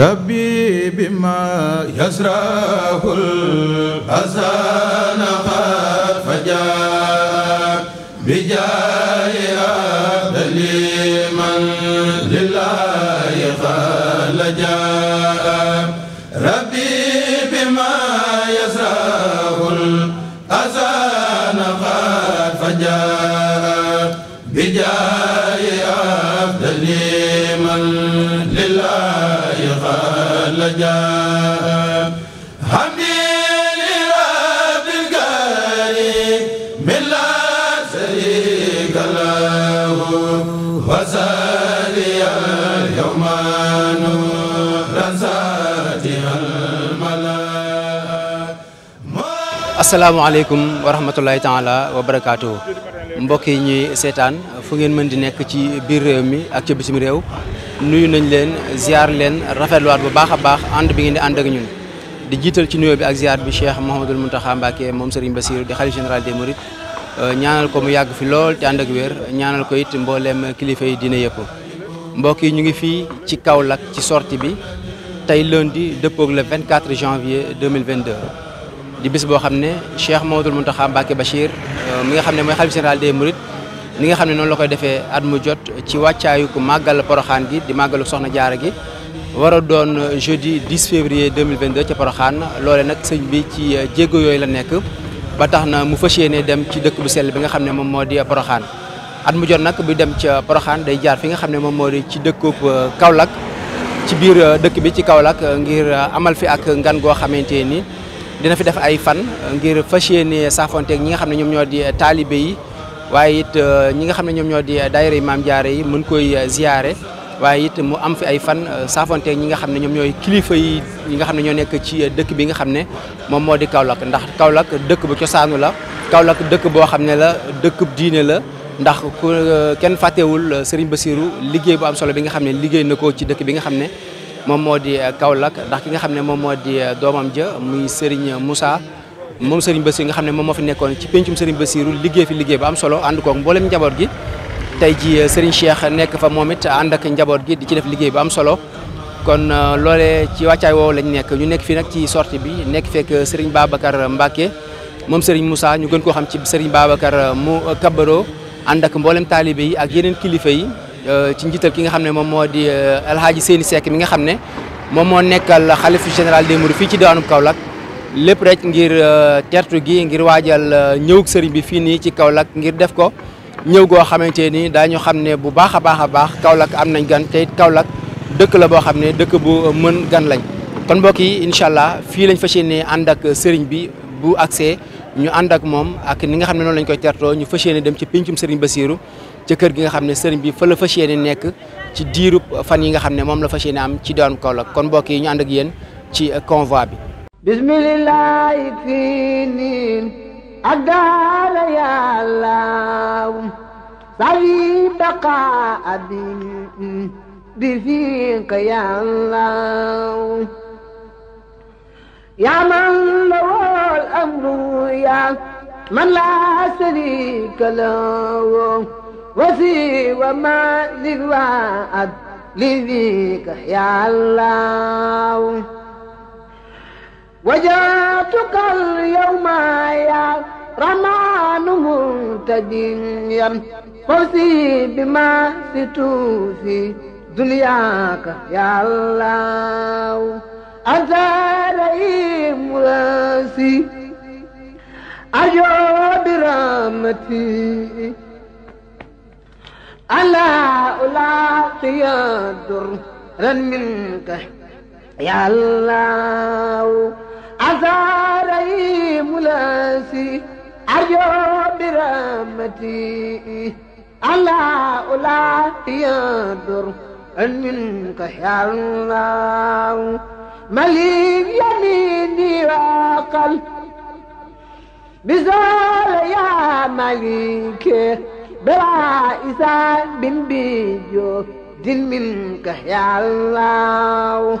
ربي بما يزرع الأذان قد فجاء بجاه هذا لمن لله قد لجاء asalaamaaleykum wa rahmatulahi taala wa barakaatu mbokk yi ñuy seetaan fu ngeen mën nekk ci biir réew mi ak ci bisim réew nuyu nañ leen ziar leen rafetluwaat bu baax a baax ànd bi ngeen di ànd ak ñun di jiital ci nuyoo bi ak ziar bi Cheikh Mouhamadul Mountakha Mbacké moom Serigne Bassirou di xalif général des Mourides euh, ñaanal ko mu yàgg fi lool te ànd ak wér ñaanal ko it mbooleem kilifa yi dina yëpp mbokk yi ñu ngi fii ci Kaolack ci sorti bi tey lundi dëppoog le 24 janvier 2022 di bis boo xam ne Cheikh Mouhamadul Mountakha Mbacké Bachir euh, mu nga xam ne mooy xalif général des Mourides ni nga xam ne noonu la koy defee at mu ci wàccaayu ku màggal poroxaan gi di màggalu soxna jaara gi war a doon jeudi 10 février 2022 ca poroxaan loole nag sëñ bi ci jéego yooyu la nekk ba tax na mu fas ne dem ci dëkk bu sell bi nga xam ne moom moo di poroxaan at mu jot nag bu dem ca poroxaan day jaar fi nga xam ne moom moo di ci dëkkub euh, Kaolack ci biir euh, dëkk bi ci Kaolack euh, ngir amal fi ak ngan goo xamante ni dina fi def ay fan ngir fas yéene saafonteeg nga xam ne ñoom ñoo di taalibe yi waaye it euh, ñi nga xam ne ñoom ñoo di daayira yi maam jaare yi mën koy euh, ziyaare waaye it mu am fi ay fan euh, saafonteeg ñi nga xam ne ñoom ñooy kilifa yi ñi nga xam ne ñoo nekk ci dëkk bi nga xam ne moom moo di Kaolack ndax Kaolack dëkk bu cosaanu la Kaolack dëkk boo xam ne la dëkkub diine la ndax ku kenn fàttewul Serigne Bassirou liggéey bu am solo bi nga xam ne liggéey na ko ci dëkk bi nga xam ne moom moo di Kaolack ndax ki nga xam ne moom moo di doomam ja muy Serigne Moussa moom Serigne Bassirou nga xam ne moom moo fi nekkoon ci pencum Serigne Bassirou liggéey fi liggéey bu am solo ànd koog mboolem njaboot gi tey ji euh, Serigne Cheikh nekk fa moom it ànd ak njaboot gi di ci def liggéey bu am solo kon euh, loole ci wàccaay woow lañ nekk ñu nekk fi nag ci sortie bi nekk fekk Serigne Babacar Mbacke moom Serigne Moussa ñu gën koo xam ci Serigne Babacar euh, mu kabaro ànd ak mboolem taalibe yi ak yeneen kilifa yi ci njiital ki nga xam ne moom moo di El Hadji Seyni Seck nga xam ne moom moo nekkal xalifu général des fii ci diwaanu Kaolack lépp rek ngir euh, tertu gi ngir waajal euh, ñëwug sëriñ bi fii nii ci Kaolack ngir def ko ñëw goo xamante ni daañu xam ne bu baax a baax a baax Kaolack am nañ gan tey it dëkk la boo xam ne dëkk bu euh, mën gan lañ kon mbokk yi incha allah fii lañ fas yéene ànd ak sëriñ bi bu agsee ñu ànd ak moom ak ni nga xam ne noonu lañ koy tertoo ñu fas dem ci péncum sëriñ Basiiru ca kër gi nga xam ne sëriñ bi fa la fas yéene nekk ci diirub fan yi nga xam ne moom la fas yéene am ci doon Kaolack kon mbokk yi ñu ak yéen ci convoi bi bismillah fii niin ak daala yàllaaw sawi baqa bi fiq yàllaaw yaa man lawol amru yaa man laa sharika lawo wasi wa ma lil waad li fiq yàllaaw وجاتك اليوم يا رمان منتديا فوزي بما ستوفي دنياك يا الله أنت رئيم راسي أجو برحمتي ألا ألاقي الدر منك يا الله عزاري ملاسي أرجو برحمتي الله لا يضر منك يا الله مليك يميني وقل بزول يا مليك بلا إسان بن بيجو دل منك يا الله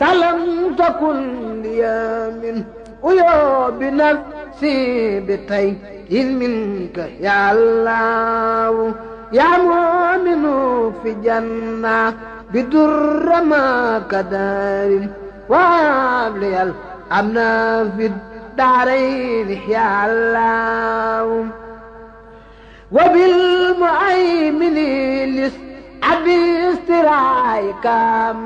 سلم تكن لي من أيا بنفسي بتي إذ منك يا الله يا مؤمن في جنة بدر ما كدار وابلي الأمن في الدارين يا الله وبالمؤمن لس أبي استرايك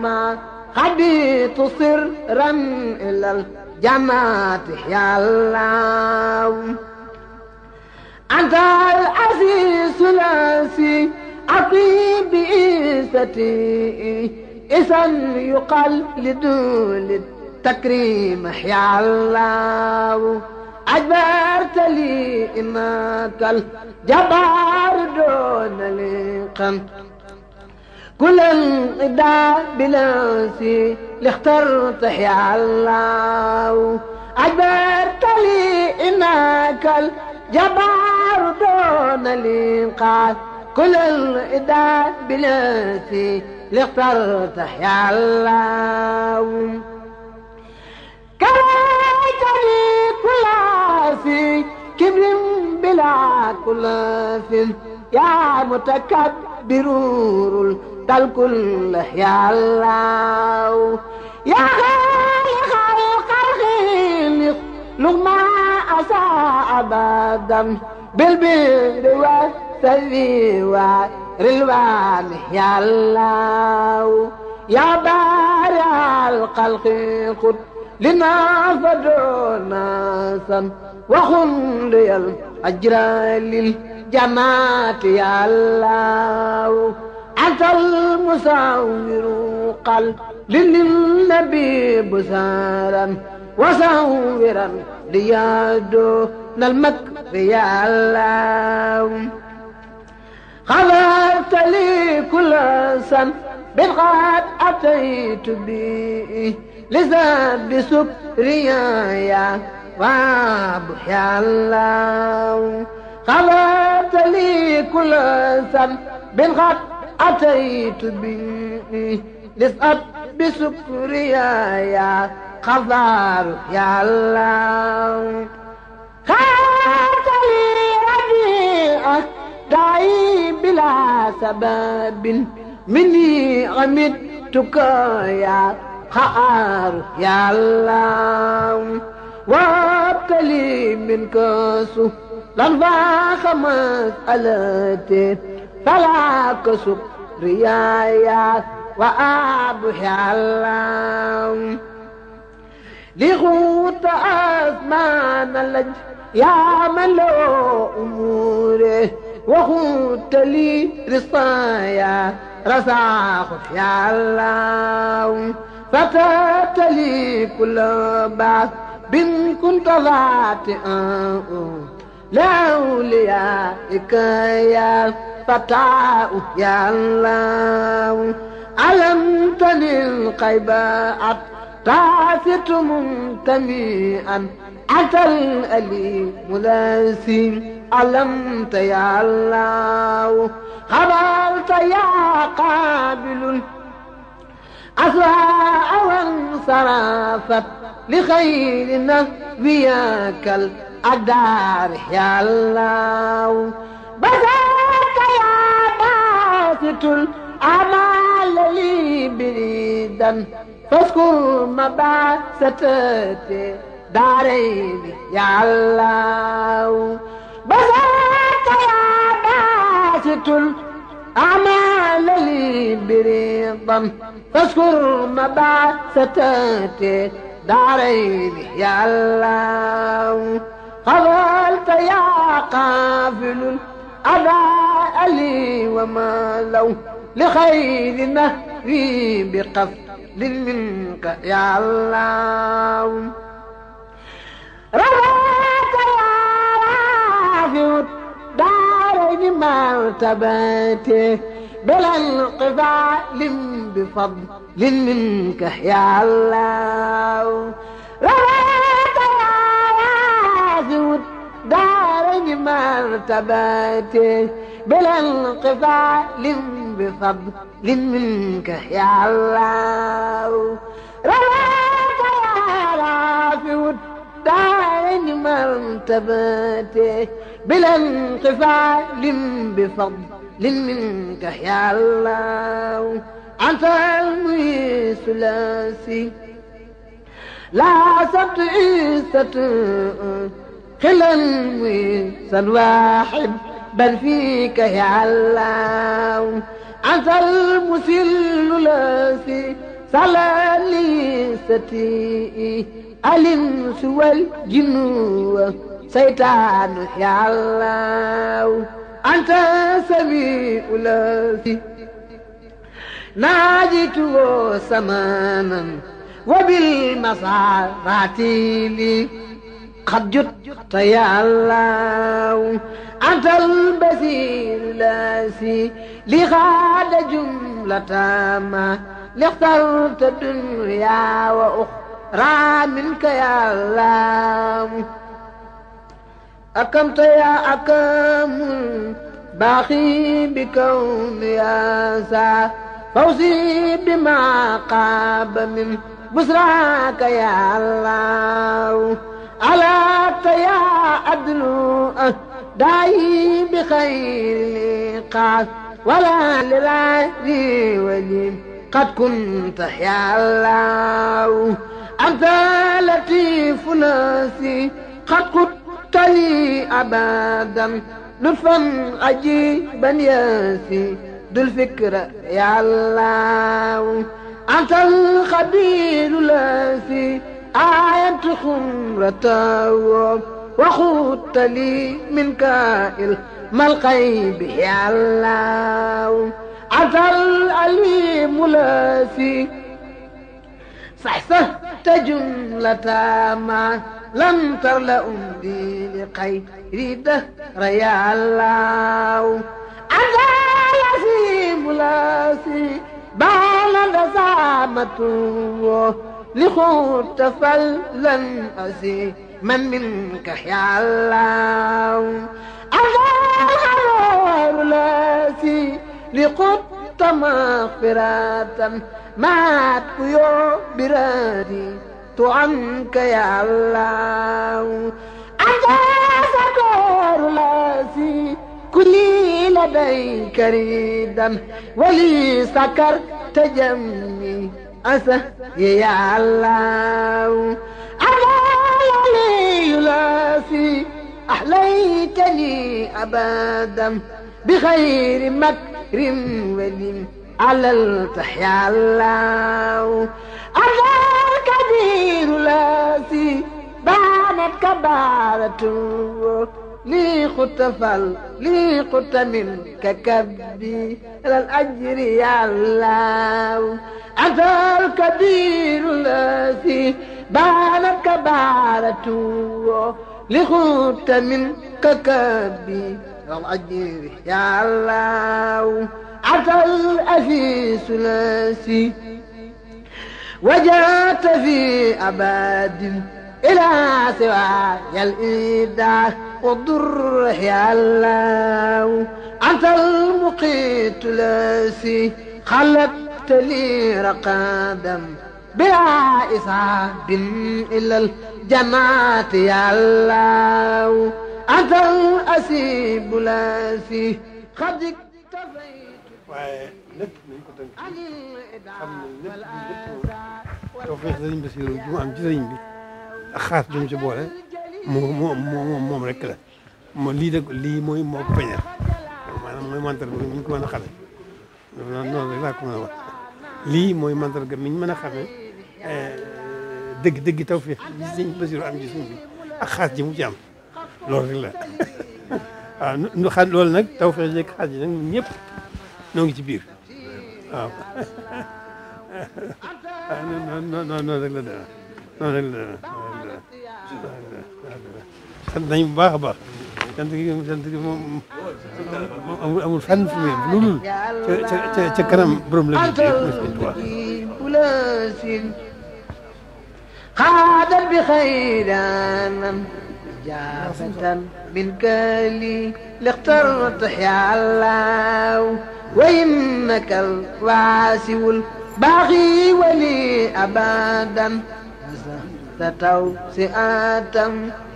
ما xabitu sirran ilal jamaati yàllaaw anta al laasi aqib bi isati isan yuqal li dulit takrim yàllaaw أجبرت لي إماك الجبار دون لقم كل انقضاء بنفسي لاخترت يا الله أجبرت لي إنك الجبار دون الإنقاذ كل الإداء بنفسي لاخترت يا الله كرهتني كل في كبر بلا كل في يا متكبر الكل يا الله يا خالق الخلق لما أساء أبدا بالبر والسر والرلوان يا الله يا بارع الخلق خذ لنا فدعونا سم وخن الأجر للجماعة يا الله أتى المصور قلب للنبي بسارا وصورا ليادو المكر يا الله خلقت لي كل سن بالغاد أتيت بي لزاد بسكريا يا رب يا الله خلقت لي كل سن بالغاد أتيت به لسأت بسكريا يا خضار يا الله خاف لي ربيعك دعي بلا سبب مني عمدتك يا خار يا الله وابتلي منك سهلا فاخ مسألتي فلا كسب ريايا وأبح اللام لغوت أزمان اللج يا ملو أموره وغوت لي رصايا رساخ يا الله فتات لي كل بعث بن كنت ذات لأوليائك يا الفتاة يا الله ألم تنل قيباء تعفت منتميئا أتى الأليم لاسي ألمت يا الله خبرت يا قابل أسراء وانصرفت لخير نبيك الأدار يا الله بزار باسط الأعمال لي بريدا فاذكر مباسطة دارين يا الله بسطت يا باسط الأعمال لي بريدا فاذكر مباسطة دارين يا الله قبلت يا قافل أداء لي وما لو لخير نهري بقصد منك يا الله رضاك يا رافع الدار مرتبتي بلا انقفال بفضل منك يا الله رضاك الكون مرتباته بلا انقطاع بفضل منك يا الله رواك يا رافع الدارين مرتباته بلا انقطاع بفضل منك يا الله أنت المي ثلاثي لا سبت إيه خلال انسان واحد بل فيك يا علام عسى المسل لاسي سلا ليستي الانس والجن سيطان يا علام انت سميع لاسي ناجيت سمانا وبالمصارات لي قد جدت يا الله أنت البزير لاسي لغاد جملة ما لاخترت الدنيا وأخرى منك يا الله أكمت يا أكم باقي بكون يا سا فوزي بما قاب من بسراك يا الله alaat yaa adnu daayi bi xayri liqaas wala li raadi walim qad kunta yaa allahu anta latifu nasi qad kunta li abadan lutfan ajiban yasi dul fikra yaa allahu anta alxabiru lasi آية خمرته وخدت لي من كائل ما الغيب يا الله عثر الأليم لاسي صحصحت جملة ما لم تر لأمدي لغير دهر يا الله عثر الأليم لاسي بان دسامته لخوت فلن أزي من منك يا الله أظهر لاسي لقد مغفرة معك يا برادي تعنك يا الله أظهر لاسي كلي لديك ريدا ولي سكر تجمي asa ya allah alali yulasi ahlaytani abadan بخير مكر ولم عللت يا الله الله الكبير لاسي بانت كبارته lii xutta min ka kabbi alal ajri yàllaaw antal kabiru la si baana ka baara tuwo li xutta min ka kabbi alal ajri yàllaaw antal asiisu la si wajaata fi abadin والضر يا الله أنت المقيت الذي خلقت لي رقادا بلا إصاب إلا الجنات يا الله أنت الأسيب الذي قد اكتفيت waaye lépp nañ ko tënk xam ne lépp lépp tawfeex sëriñ Basiru ju mu am ci sëriñ bi ak xaas ju mu ci boole moom moom moom rek la lii de lii mooy moo ko feeñal maanaam mooy mandarga bi ñu ko mën a xamee noonu noonu lii mooy mandarga mi ñu mën a xamee eh, dëgg dëgg tawfeex ji sëñ Basiru am ci suuf bi ak xaas ji mu ci am loolu rek la waaw ah, nu xaar loolu nag tawfeex ji ak xaas ngi ci biir sant nañu bu baax a baax sant gi sant gi moom amul amul fenn fu mu yem lu dul ca ca ca kanam borom la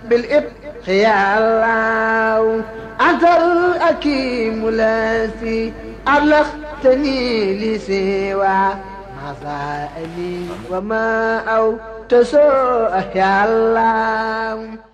bi يا الله أنت الحكيم الذي أبلغتني لسوى عزائلي وما أو تسوء يا الله